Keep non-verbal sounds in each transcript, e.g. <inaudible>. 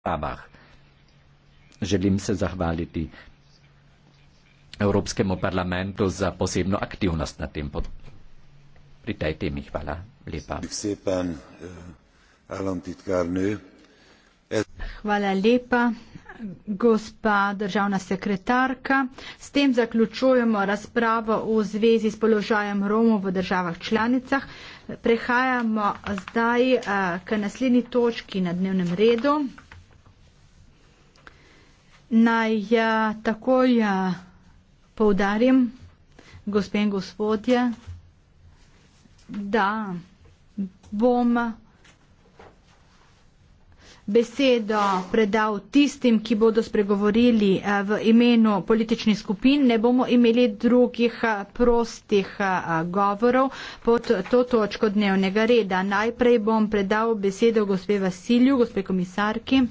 zprávach. Želim se zahvaliti Evropskemu parlamentu za posebno aktivnost na tem pod... pri tej temi. Hvala lepa. Eh, Hvala lepa, gospa državna sekretarka. S tem zaključujemo razpravo v zvezi s položajem Romov v državah članicah. Prehajamo zdaj eh, k naslednji točki na dnevnem redu. Naj ja, takoj ja, poudarim, gospe in gospodje, da bom besedo predal tistim, ki bodo spregovorili eh, v imenu političnih skupin. Ne bomo imeli drugih eh, prostih eh, govorov pod to točko dnevnega reda. Najprej bom predal besedo gospe Vasilju, gospe komisarki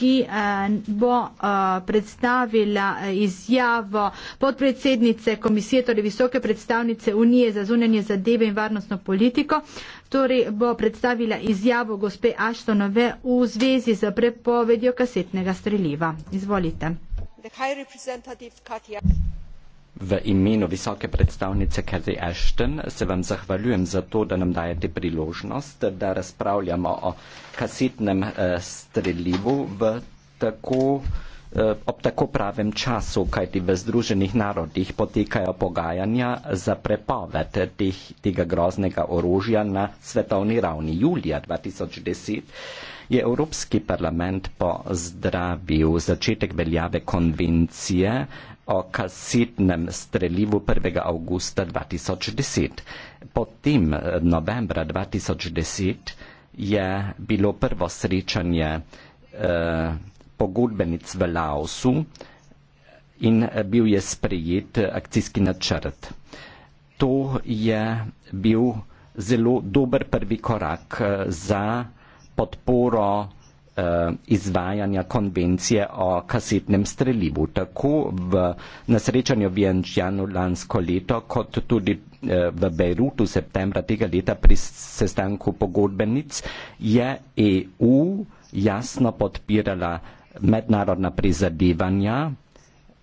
ki eh, bo eh, predstavila eh, izjavo podpredsednice komisije, torej visoke predstavnice Unije za zunanje zadeve in varnostno politiko, torej bo predstavila izjavo gospe Aštonove v zvezi z prepovedjo kasetnega streljiva. Izvolite. The high representative Katja. V imenu visoke predstavnice Kathy Ashton se vam zahvaljujem za to, da nam dajete priložnost, da razpravljamo o kasetnem eh, strelivu v tako eh, ob tako pravem času, kajti v Združenih narodih potekajo pogajanja za prepoved teh, tega groznega orožja na svetovni ravni. Julija 2010 je Evropski parlament pozdravil začetek veljave konvencije o kasetnem strelivu 1. augusta 2010. Potem eh, novembra 2010 je bilo prvo srečanje eh, pogodbenic v Laosu in eh, bil je sprejet eh, akcijski načrt. To je bil zelo dober prvi korak za podporo Eh, izvajanja konvencije o kasetnem strelivu. Tako v nasrečanju v Janu lansko leto, kot tudi eh, v Beirutu septembra tega leta pri sestanku pogodbenic je EU jasno podpirala mednarodna prizadevanja,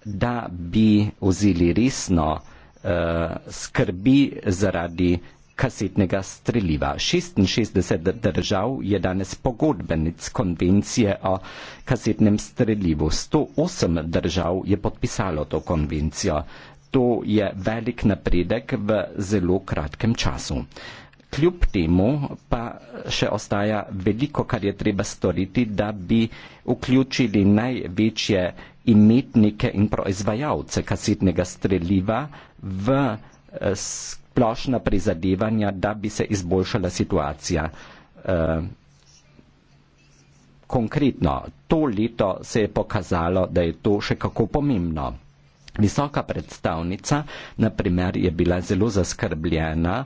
da bi vzeli resno eh, skrbi zaradi kasetnega streljiva. 66 držav je danes pogodbenic konvencije o kasetnem streljivu. 108 držav je podpisalo to konvencijo. To je velik napredek v zelo kratkem času. Kljub temu pa še ostaja veliko, kar je treba storiti, da bi vključili največje imetnike in proizvajalce kasetnega streljiva v eh, skupnosti splošna prizadevanja, da bi se izboljšala situacija. Eh, konkretno, to leto se je pokazalo, da je to še kako pomembno. Visoka predstavnica, naprimer, je bila zelo zaskrbljena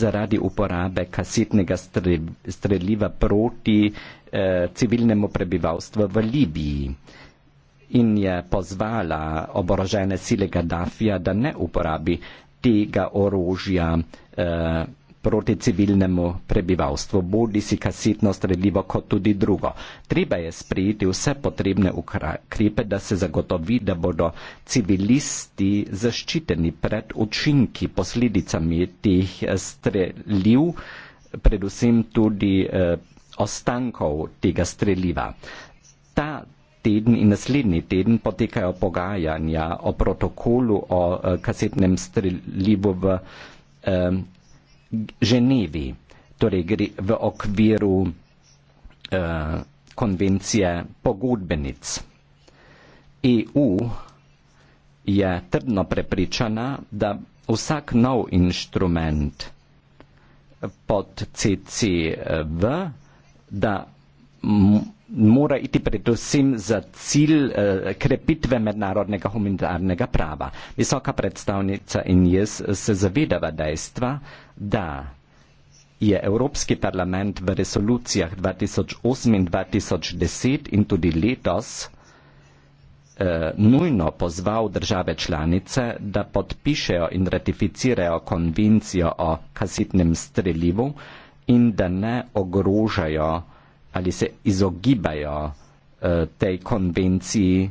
zaradi uporabe kasetnega streljiva proti eh, civilnemu prebivalstvu v Libiji in je pozvala oborožene sile Gaddafija, da ne uporabi tega orožja eh, proti civilnemu prebivalstvu, bodi si kasetno streljivo kot tudi drugo. Treba je sprejeti vse potrebne ukrepe, da se zagotovi, da bodo civilisti zaščiteni pred učinki posledicami teh eh, streljiv, predvsem tudi eh, ostankov tega streljiva. Ta teden in naslednji teden potekajo pogajanja o protokolu o uh, kasetnem strelivu v um, Ženevi, torej gre v okviru uh, konvencije pogodbenic. EU je trdno prepričana, da vsak nov inštrument pod CCV, da mora iti predvsem za cilj eh, krepitve mednarodnega humanitarnega prava. Visoka predstavnica in jaz se zavedava dejstva, da je Evropski parlament v resolucijah 2008 in 2010 in tudi letos eh, nujno pozval države članice, da podpišejo in ratificirajo konvencijo o kasitnem strelivu in da ne ogrožajo ali se izogibajo uh, tej konvenciji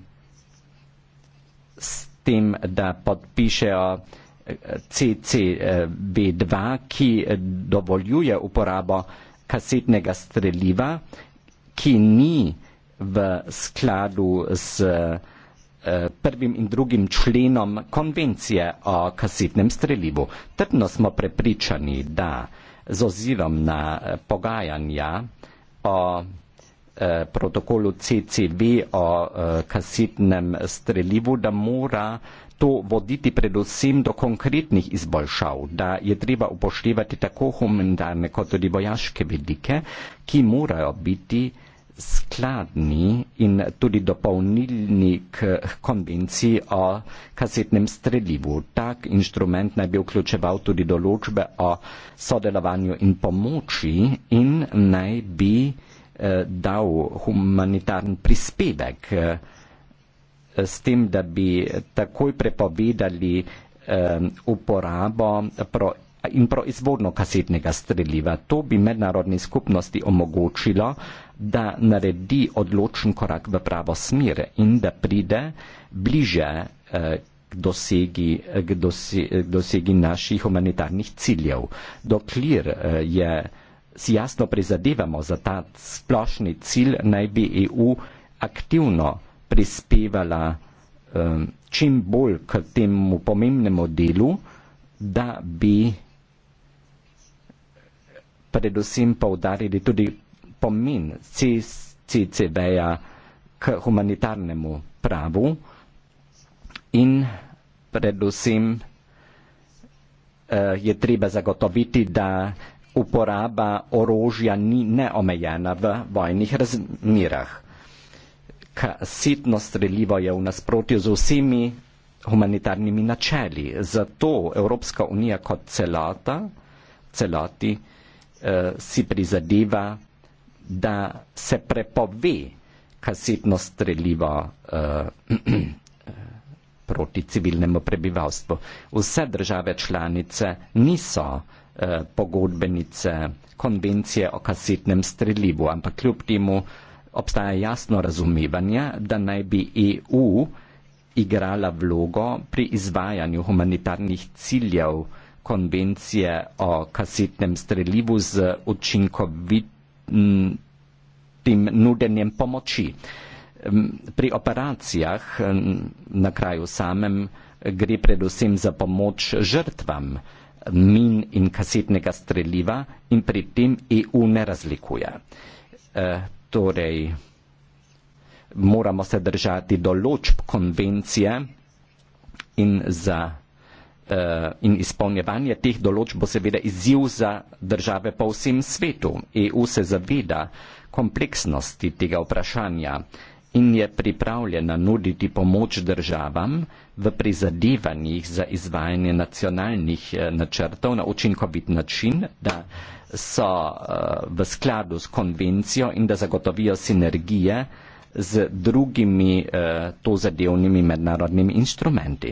s tem, da podpišejo eh, CCB2, ki dovoljuje uporabo kasetnega streliva, ki ni v skladu s eh, prvim in drugim členom konvencije o kasetnem strelivu. Trdno smo prepričani, da z ozirom na pogajanja, o eh, protokolu CCB o uh, eh, kasitnem strelivu, da mora to voditi predvsem do konkretnih izboljšav, da je treba upoštevati tako humanitarne kot tudi vojaške vidike, ki morajo biti uh, skladni in tudi dopolnilni k konvenciji o kasetnem strelivu. Tak inštrument naj bi vključeval tudi določbe o sodelovanju in pomoči in naj bi eh, dal humanitarni prispevek eh, s tem, da bi takoj prepovedali eh, uporabo pro in proizvodno kasetnega streljiva. To bi mednarodni skupnosti omogočilo, da naredi odločen korak v pravo smer in da pride bliže eh, k dosegi, k dosegi, k dosegi naših humanitarnih ciljev. Dokler eh, je, si jasno prizadevamo za ta splošni cilj, naj bi EU aktivno prispevala eh, čim bolj k temu pomembnemu delu, da bi predvsem poudarili tudi pomen CCB-ja k humanitarnemu pravu in predvsem eh, je treba zagotoviti, da uporaba orožja ni neomejena v vojnih razmerah. Sitno streljivo je v nasprotju z vsemi humanitarnimi načeli. Zato Evropska unija kot celota, celoti, eh, Eh, si prizadeva, da se prepove kasetno streljivo uh, <clears throat> proti civilnemu prebivalstvu. Vse države članice niso uh, pogodbenice konvencije o kasetnem streljivu, ampak kljub temu obstaja jasno razumevanje, da naj bi EU igrala vlogo pri izvajanju humanitarnih ciljev uh, konvencije o kasetnem strelivu z učinkovitim nudenjem pomoči. Pri operacijah na kraju samem gre predvsem za pomoč žrtvam min in kasetnega streliva in pri tem EU ne razlikuje. E, torej, moramo se držati določb konvencije in za Eh, in izpolnjevanje teh določb bo seveda izziv za države po vsem svetu. EU se zaveda kompleksnosti tega vprašanja in je pripravljena nuditi pomoč državam v prizadevanjih za izvajanje nacionalnih eh, načrtov na učinkovit način, da so eh, v skladu s konvencijo in da zagotovijo sinergije z drugimi tozadevnimi mednarodnimi instrumenti.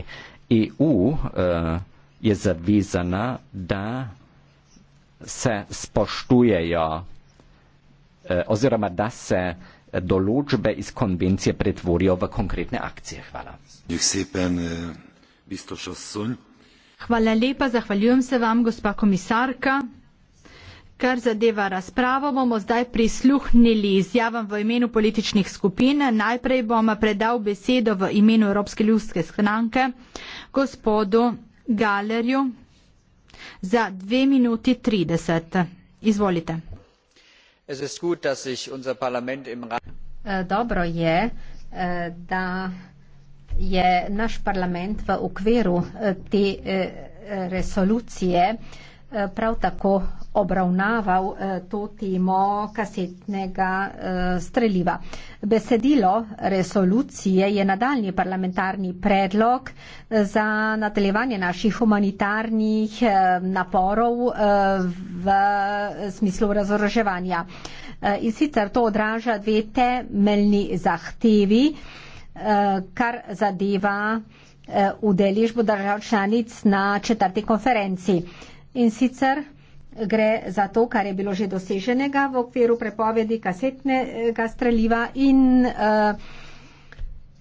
EU eh, je zavezana, da se spoštujejo eh, oziroma da se določbe iz konvencije pretvorijo v konkretne akcije. Hvala. Eh, Hvala lepa, zahvaljujem se vam, gospa komisarka. Kar zadeva razpravo, bomo zdaj prisluhnili izjavam v imenu političnih skupin. Najprej bom predal besedo v imenu Evropske ljudske stranke gospodu Galerju za 2 minuti 30. Izvolite. Eh, dobro je, eh, da je naš parlament v okviru eh, te resolucije Eh, prav tako obravnaval eh, to temo kasetnega eh, streljiva. Besedilo resolucije je nadaljni parlamentarni predlog za nadaljevanje naših humanitarnih naporov v smislu razoroževanja. In sicer to odraža dve temeljni zahtevi, kar zadeva udeležbo držav članic na četrti konferenciji. In sicer gre za to, kar je bilo že doseženega v okviru prepovedi kasetnega streljiva in uh,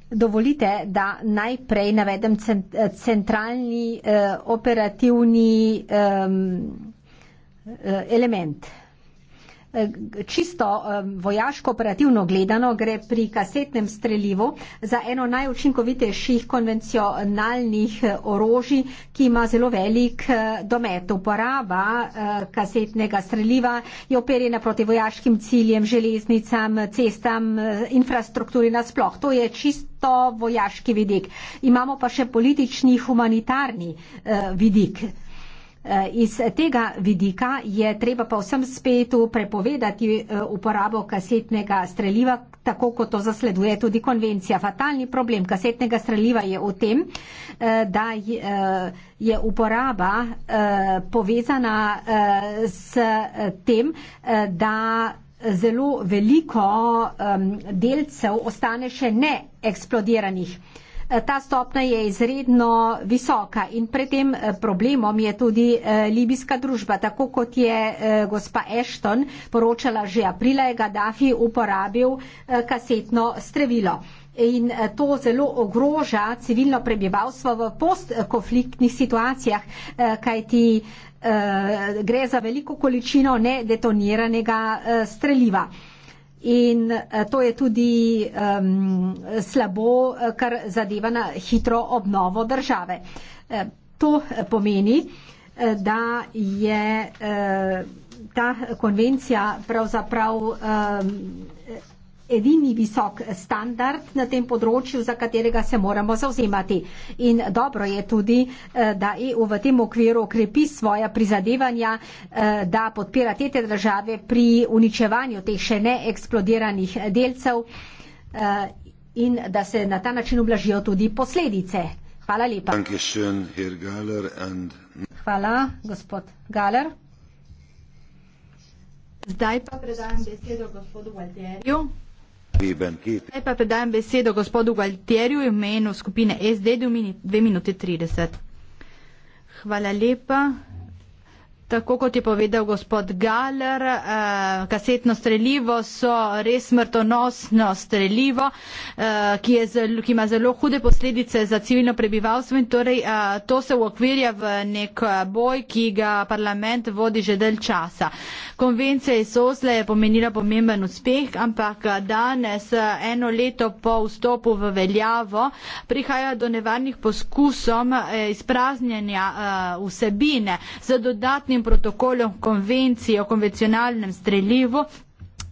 dovolite, da najprej navedem cent centralni uh, operativni um, element čisto vojaško-operativno gledano gre pri kasetnem strelivu za eno najučinkovitejših konvencionalnih eh, orožij, ki ima zelo velik eh, domet. Uporaba eh, kasetnega streliva je operjena proti vojaškim ciljem, železnicam, cestam, infrastrukturi nasploh. To je čisto vojaški vidik. Imamo pa še politični, humanitarni vidik. Eh, iz tega vidika je treba pa vsem svetu prepovedati eh, uporabo kasetnega streljiva, tako kot to zasleduje tudi konvencija. Fatalni problem kasetnega streljiva je v tem, eh, da je uporaba povezana s tem, da zelo veliko delcev ostane še neeksplodiranih. Eh, ta stopna je izredno visoka in pred tem eh, problemom je tudi eh, libijska družba. Tako kot je gospa Ashton poročala že aprila, je Gaddafi uporabil kasetno strevilo. In to zelo ogroža civilno prebivalstvo v postkonfliktnih situacijah, kajti gre za veliko količino nedetoniranega streliva. In eh, to je tudi um, slabo, eh, kar zadeva na hitro obnovo države. Eh, to pomeni, da je ta konvencija pravzaprav um, edini visok standard na tem področju, za katerega se moramo zauzemati. In dobro je tudi, eh, da EU v tem okviru krepi svoja prizadevanja, eh, da podpira te države pri uničevanju teh še neeksplodiranih delcev eh, in da se na ta način ublažijo tudi posledice. Hvala lepa. Hvala, gospod Galer. Zdaj pa predajam besedo gospodu Valterju. Lepa predajam besedo gospodu Gualtierju v imenu skupine SD, dve minuti trideset. Hvala lepa. Tako kot je povedal gospod Galer, eh, kasetno strelivo so res smrtonosno strelivo, eh, ki, je zelo, ki ima zelo hude posledice za civilno prebivalstvo in torej eh, to se uokvirja v nek boj, ki ga parlament vodi že del časa. Konvencija iz Osle je pomenila pomemben uspeh, ampak eh, danes, eh, eno leto po vstopu v veljavo, prihaja do nevarnih poskusom eh, izpraznjanja vsebine z dodatnim protokolom konvencije o konvencionalnem strelivu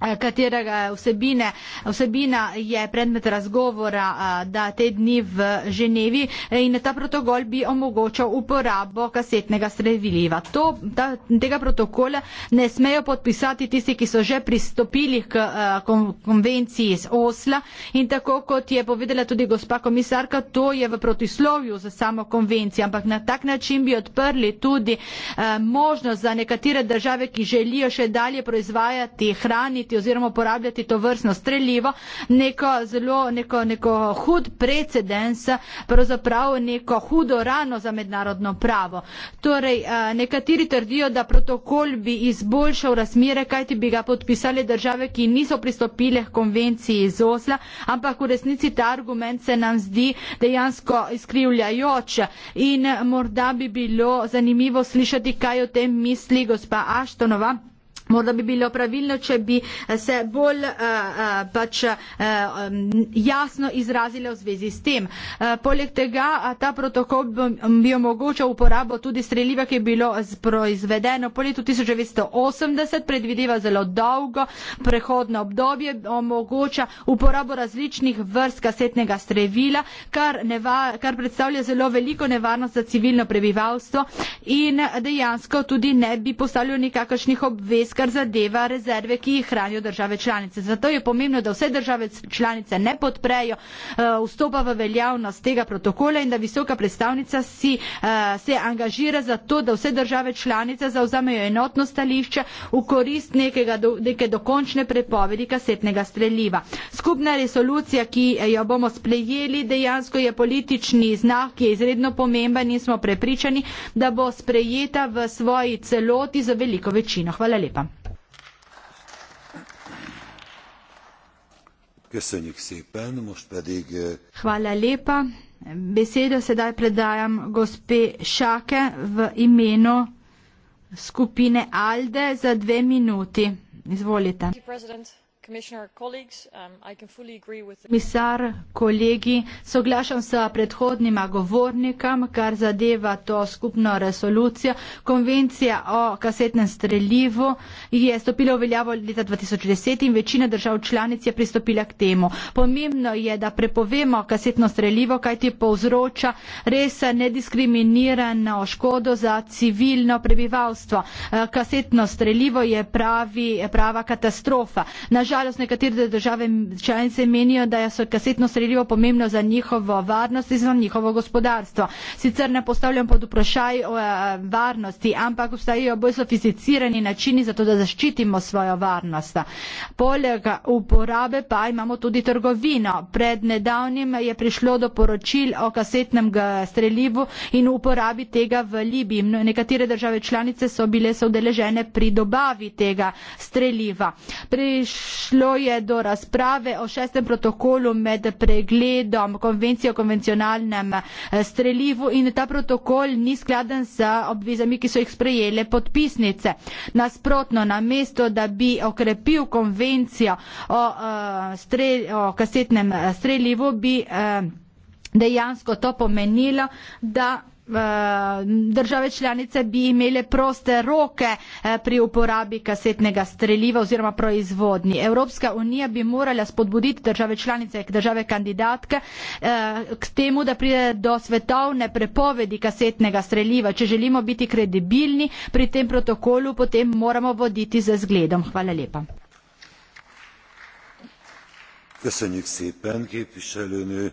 Eh, katerega vsebine, vsebina je predmet razgovora eh, da te dni v Ženevi eh, in ta protokol bi omogočal uporabo kasetnega streviliva. To, ta, tega protokola ne smejo podpisati tisti, ki so že pristopili k kon, konvenciji iz Osla in tako kot je povedala tudi gospa komisarka, to je v protislovju za samo konvencijo, ampak na tak način bi odprli tudi eh, možnost za nekatere države, ki želijo še dalje proizvajati, hraniti, uporabljati oziroma uporabljati to vrstno streljivo, neko zelo, neko, neko hud precedens, pravzaprav neko hudo rano za mednarodno pravo. Torej, eh, nekateri trdijo, da protokol bi izboljšal razmere, kajti bi ga podpisali države, ki niso pristopile k konvenciji iz Osla, ampak v resnici ta argument se nam zdi dejansko izkrivljajoč in morda bi bilo zanimivo slišati, kaj o tem misli gospa Aštonova. Morda bi bilo pravilno, če bi eh, se bolj uh, uh, pač, uh, um, jasno izrazile v zvezi s tem. Uh, poleg tega ta protokol bi, bi omogočal uporabo tudi streljiva, ki je bilo proizvedeno po letu 1980, predvideva zelo dolgo prehodno obdobje, omogoča uporabo različnih vrst kasetnega strevila, kar, neva, kar predstavlja zelo veliko nevarnost za civilno prebivalstvo in dejansko tudi ne bi postavljal nikakršnih obvez kar zadeva rezerve, ki jih hranijo države članice. Zato je pomembno, da vse države članice ne podprejo eh, vstopa v veljavnost tega protokola in da visoka predstavnica si, eh, se angažira za to, da vse države članice zauzamejo enotno stališče v korist nekega, neke dokončne prepovedi kasetnega streljiva. Skupna resolucija, ki jo bomo sprejeli, dejansko je politični znak, ki je izredno pomemben in smo prepričani, da bo sprejeta v svoji celoti za veliko večino. Hvala lepa. Hvala lepa. Besedo sedaj predajam gospe Šake v imenu skupine Alde za dve minuti. Izvolite. Thank you, Um, Komisar, kolegi, soglašam s predhodnima govornikom, kar zadeva to skupno resolucijo. Konvencija o kasetnem streljivu je stopila v veljavo leta 2010 in večina držav članic je pristopila k temu. Pomembno je, da prepovemo kasetno streljivo, kaj ti povzroča res nediskriminirano škodo za civilno prebivalstvo. Eh, kasetno streljivo je pravi, prava katastrofa. Nažal žalost nekatere države članice menijo, da so kasetno sredljivo pomembno za njihovo varnost in za njihovo gospodarstvo. Sicer ne postavljam pod vprašaj o varnosti, ampak obstajajo bolj sofisticirani načini za to, da zaščitimo svojo varnost. Poleg uporabe pa imamo tudi trgovino. Pred nedavnim je prišlo do poročil o kasetnem sredljivu in uporabi tega v Libiji. Nekatere države članice so bile so udeležene pri dobavi tega sredljiva. Prišlo Šlo je do razprave o šestem protokolu med pregledom konvencije o konvencionalnem eh, strelivu in ta protokol ni skladen s obvezami, ki so jih sprejele podpisnice. Nasprotno, na mesto, da bi okrepil konvencijo o, eh, strel, o kasetnem eh, strelivu, bi dejansko to pomenilo, da države članice bi imele proste roke eh, pri uporabi kasetnega streliva oziroma proizvodnji. Evropska unija bi morala spodbuditi države članice, države kandidatke eh, k temu, da pride do svetovne prepovedi kasetnega streliva. Če želimo biti kredibilni pri tem protokolu, potem moramo voditi za zgledom. Hvala lepa. Köszönjük szépen, képviselőnő.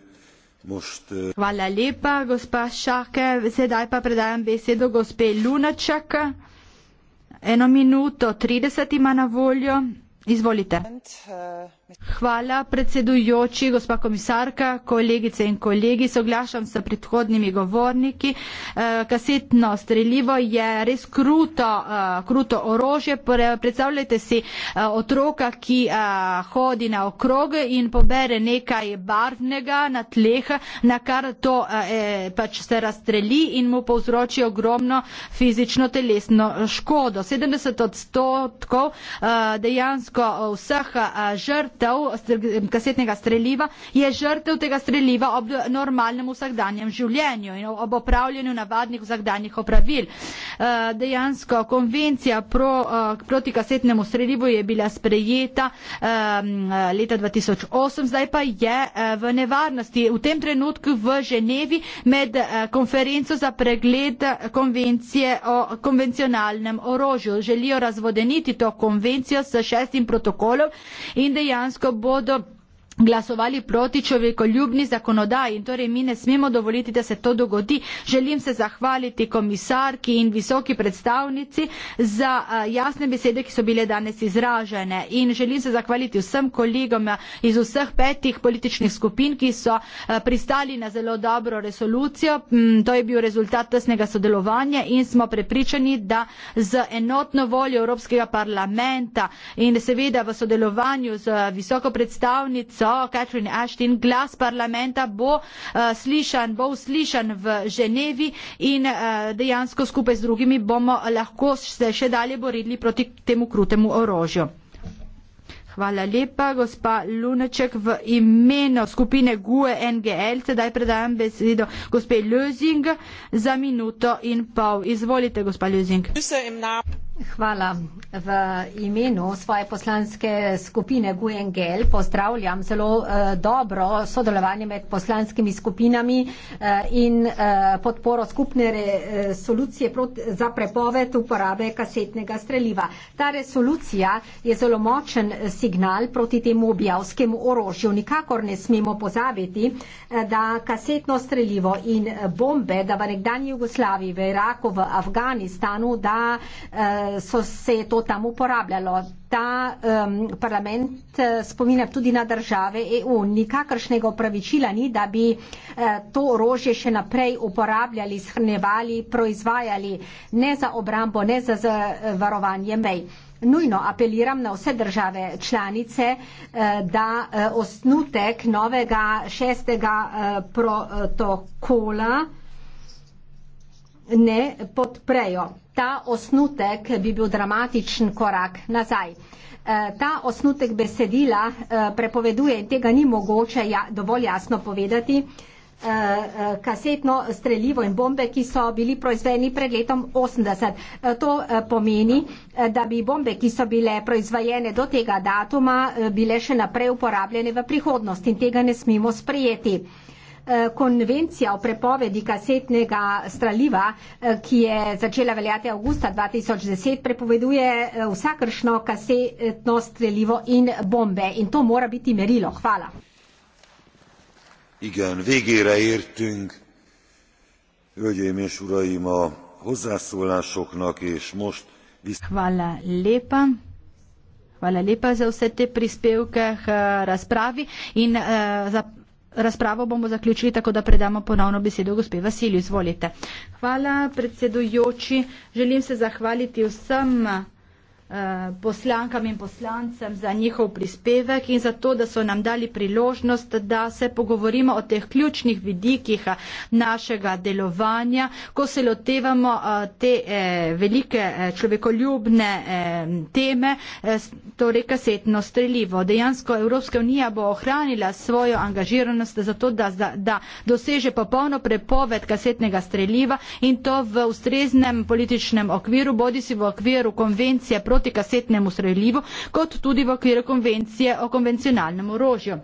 Hvala lepa, gospa Šake. Sedaj pa predajam besedo gospe Lunaček. Eno minuto, 30 ima na voljo. Izvolite. And, uh... Hvala predsedujoči, gospa komisarka, kolegice in kolegi. Soglašam s predhodnimi govorniki. Eh, kasetno streljivo je res kruto, eh, kruto orožje. Predstavljajte si eh, otroka, ki hodi na okrog in pobere nekaj barvnega na tleh, na kar to pač se razstreli in mu povzroči ogromno fizično telesno škodo. 70 odstotkov dejansko vseh žrtv žrtev kasetnega streljiva je žrtev tega streljiva ob normalnem vsakdanjem življenju in ob opravljanju navadnih vsakdanjih opravil. Eh, dejansko konvencija pro, eh, proti kasetnemu streljivu je bila sprejeta eh, leta 2008, zdaj pa je v nevarnosti v tem trenutku v Ženevi med konferenco za pregled konvencije o konvencionalnem orožju. Želijo razvodeniti to konvencijo s šestim protokolom in dejansko dejansko bodo glasovali proti človekoljubni zakonodaji in torej mi ne smemo dovoliti, da se to dogodi. Želim se zahvaliti komisarki in visoki predstavnici za jasne besede, ki so bile danes izražene in želim se zahvaliti vsem kolegom iz vseh petih političnih skupin, ki so pristali na zelo dobro resolucijo. Mm, to je bil rezultat tesnega sodelovanja in smo prepričani, da z enotno voljo Evropskega parlamenta in seveda v sodelovanju z visoko predstavnico so, Catherine Ashton, glas parlamenta bo uh, slišan, bo uslišan v Ženevi in uh, dejansko skupaj z drugimi bomo lahko se še dalje borili proti temu krutemu orožju. Hvala lepa, gospa Luneček, v imenu skupine GUE NGL. Sedaj predajam besedo gospe Ljuzing za minuto in pol. Izvolite, gospa Ljuzing. Hvala. V imenu svoje poslanske skupine GUENGEL pozdravljam zelo uh, dobro sodelovanje med poslanskimi skupinami uh, in uh, podporo skupne resolucije prot, za prepoved uporabe kasetnega streljiva. Ta resolucija je zelo močen signal proti temu objavskemu orožju. Nikakor ne smemo pozabiti, da kasetno streljivo in bombe, da v nekdanji Jugoslaviji, v Iraku, v Afganistanu, da uh, so se to tam uporabljalo. Ta um, parlament eh, spominja tudi na države EU. Nikakršnega upravičila ni, da bi uh, to orožje še naprej uporabljali, shrnevali, proizvajali, ne za obrambo, ne za eh, varovanje mej. Nujno apeliram na vse države članice, da osnutek novega šestega protokola ne podprejo ta osnutek bi bil dramatičen korak nazaj. E, ta osnutek besedila e, prepoveduje in tega ni mogoče ja, dovolj jasno povedati e, kasetno streljivo in bombe, ki so bili proizvedeni pred letom 80. To pomeni, da bi bombe, ki so bile proizvajene do tega datuma, bile še naprej uporabljene v prihodnosti in tega ne smemo sprejeti. Eh, konvencija o prepovedi kasetnega straliva, eh, ki je začela veljati avgusta 2010, prepoveduje eh, vsakršno kasetno strelivo in bombe. In to mora biti merilo. Hvala. Igen, végére értünk. Hölgyeim és uraim a hozzászólásoknak, és most... Hvala lepa. Hvala lepa za vse te prispevke k razpravi in uh, za Razpravo bomo zaključili, tako da predamo ponovno besedo gospe Vasilju. Izvolite. Hvala predsedujoči. Želim se zahvaliti vsem Eh, poslankam in poslancem za njihov prispevek in za to, da so nam dali priložnost, da se pogovorimo o teh ključnih vidikih eh, našega delovanja, ko se lotevamo eh, te velike človekoljubne teme, torej kasetno streljivo. Dejansko Evropska unija bo ohranila svojo angažiranost za to, da, da, da doseže popolno prepoved kasetnega streljiva in to v ustreznem političnem okviru, bodi si v okviru konvencije proti protikasetnemu streljivu, kot tudi v okviru konvencije o konvencionalnem orožju.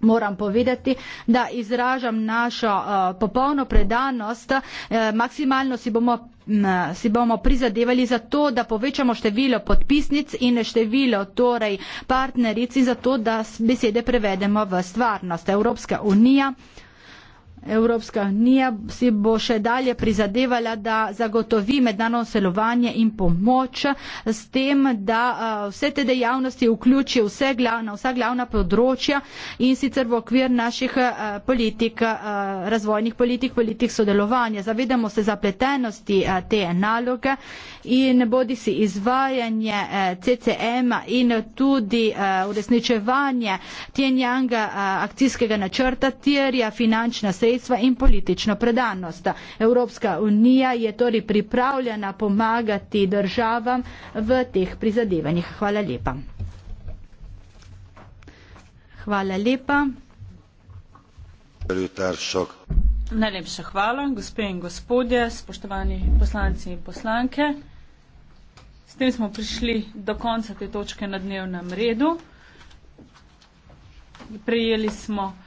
Moram povedati, da izražam našo uh, popolno predanost, uh, maksimalno si bomo si bomo prizadevali za to, da povečamo število podpisnic in število torej partneric in za to, da besede prevedemo v stvarnost. Evropska unija uh, Evropska unija si bo še dalje prizadevala, da zagotovi mednarodno sodelovanje in pomoč s tem, da vse te dejavnosti vključi vse glavna, vsa glavna področja in sicer v okvir naših politik, razvojnih politik, politik sodelovanja. Zavedamo se zapletenosti te naloge in bodi si izvajanje CCM in tudi uresničevanje Tienjanga akcijskega načrta, tjerja finančna sredstva dejstva in politično predanost. Evropska unija je torej pripravljena pomagati državam v teh prizadevanjih. Hvala lepa. Hvala lepa. Najlepša hvala, gospe in gospodje, spoštovani poslanci in poslanke. S tem smo prišli do konca te točke na dnevnem redu. Prijeli smo.